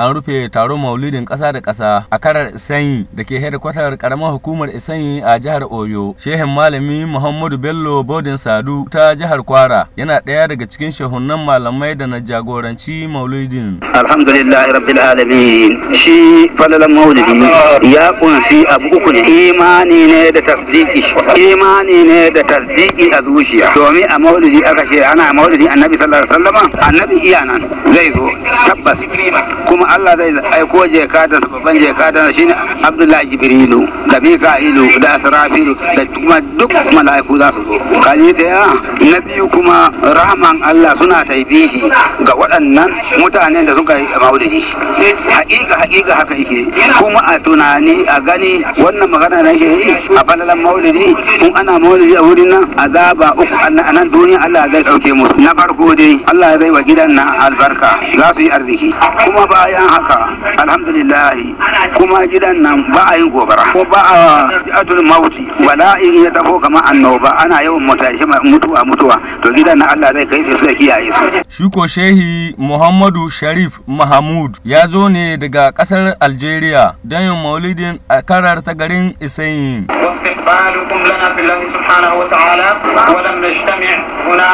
an rufe taron maulidin ƙasa da ƙasa a karar Isanyi da ke hedikwatar karamar hukumar Isanyi a jihar Oyo. Shehin Malami Muhammadu Bello Bodin Sadu ta jihar Kwara yana ɗaya daga cikin shehunan malamai da na jagoranci maulidin. Alhamdulillah rabbil alamin shi falalan maulidi ya kunshi abu uku imani ne da tasdiki imani ne da tasdiki a zuciya domin a maulidi aka ce ana maulidi annabi sallallahu alaihi wasallam annabi iya nan zai zo tabbas kuma Allah zai aiko je babban shi ne Abdullahi Jibrilu da Mika'ilu da Asrafilu da kuma duk mala'iku za su zo kaji daya na biyu kuma rahman Allah suna taifihi ga waɗannan mutanen da suka yi maulidi haƙiƙa haƙiƙa haka yake kuma a tunani a gani wannan magana da yake yi a falalan maulidi kun ana maulidi a wurin nan azaba uku a nan duniya Allah zai ɗauke musu na farko dai Allah zai wa gidan na albarka za su yi arziki kuma baya an haka alhamdulillah kuma gidan nan ba a yin gobara ko ba a atul mauti wala in ya tafo kamar annoba ana yawan mutashi mutuwa mutuwa to gidan nan Allah zai kai su da kiyaye su shi ko shehi Muhammadu Sharif mahmud ya zo ne daga kasar Algeria don yin maulidin a karar ta garin Isayin واستقبالكم لنا في الله سبحانه وتعالى ولم نجتمع هنا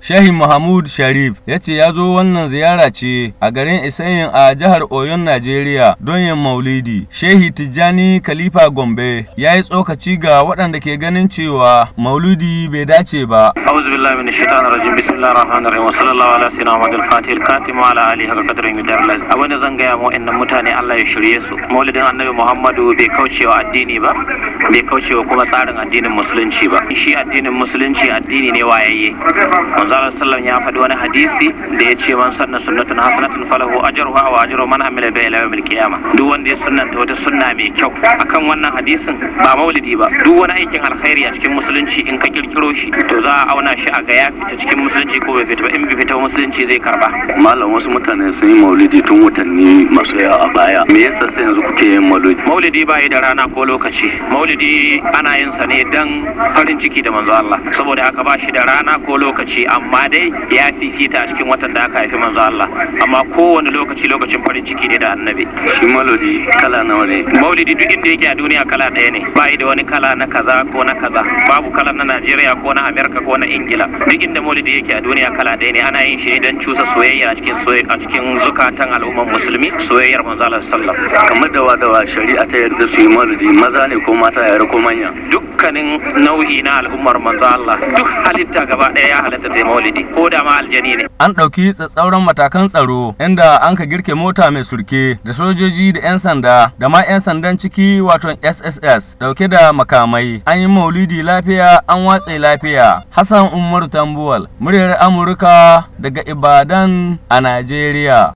Shehi Mahmud Sharif ya ce ya zo wannan ziyara ce a garin Isayin a jihar Oyon Najeriya don yin maulidi. Shehi Tijjani Khalifa Gombe ya yi tsokaci ga waɗanda ke ganin cewa maulidi bai dace ba. A'udhu billahi minash shaitanir rajim. Bismillahir rahmanir rahim. Sallallahu ala sayyidina Muhammadil Fatihil Katim ala alihi wa qadrin yudarlas. Abin da zan gaya mu innan mutane Allah ya shirye su. Maulidin Annabi Muhammadu bai kaucewa addini ba. bai kaucewa kuma tsarin addinin musulunci ba shi addinin musulunci addini ne wayayye manzalar sallam ya faɗi wani hadisi da ya ce man sanna sunnatun hasanatun falahu ajruha wa ajru man amila bi ila yawmil qiyamah duk wanda ya sunnanta wata sunna mai kyau akan wannan hadisin ba maulidi ba duk wani aikin alkhairi a cikin musulunci in ka kirkiro shi to za a auna shi a ga ya fita cikin musulunci ko bai fita ba in bai fita musulunci zai karba malam wasu mutane sun yi maulidi tun watanni masu yawa a baya me yasa sai yanzu kuke yin maulidi maulidi ba yi da rana ko lokaci maulidi maulidi ana yin sa ne dan farin ciki da manzo Allah saboda aka ba shi da rana ko lokaci amma dai ya fifita a cikin watan da aka haifi manzo Allah amma kowane lokaci lokacin farin ciki ne da annabi shi maulidi kala nawa ne maulidi duk inda yake a duniya kala ɗaya ne ba da wani kala na kaza ko na kaza babu kala na Najeriya ko na Amerika ko na Ingila duk inda maulidi yake a duniya kala ɗaya ne ana yin shi ne don cusa soyayya a cikin a cikin zukatan al'ummar musulmi soyayyar manzo Allah sallallahu alaihi wasallam kamar dawa dawa shari'a ta yarda su yi maulidi maza ne ko mata mata yare ko manya dukkanin nau'i na al'ummar manzo Allah duk halitta gaba ɗaya ya halatta ta maulidi ko da ma aljani ne an ɗauki tsatsauran matakan tsaro inda an ka girke mota mai surke da sojoji da 'yan sanda da ma 'yan sandan ciki wato SSS ɗauke da makamai an yi maulidi lafiya an watse lafiya Hassan Umaru Tambuwal muryar Amurka daga Ibadan a Najeriya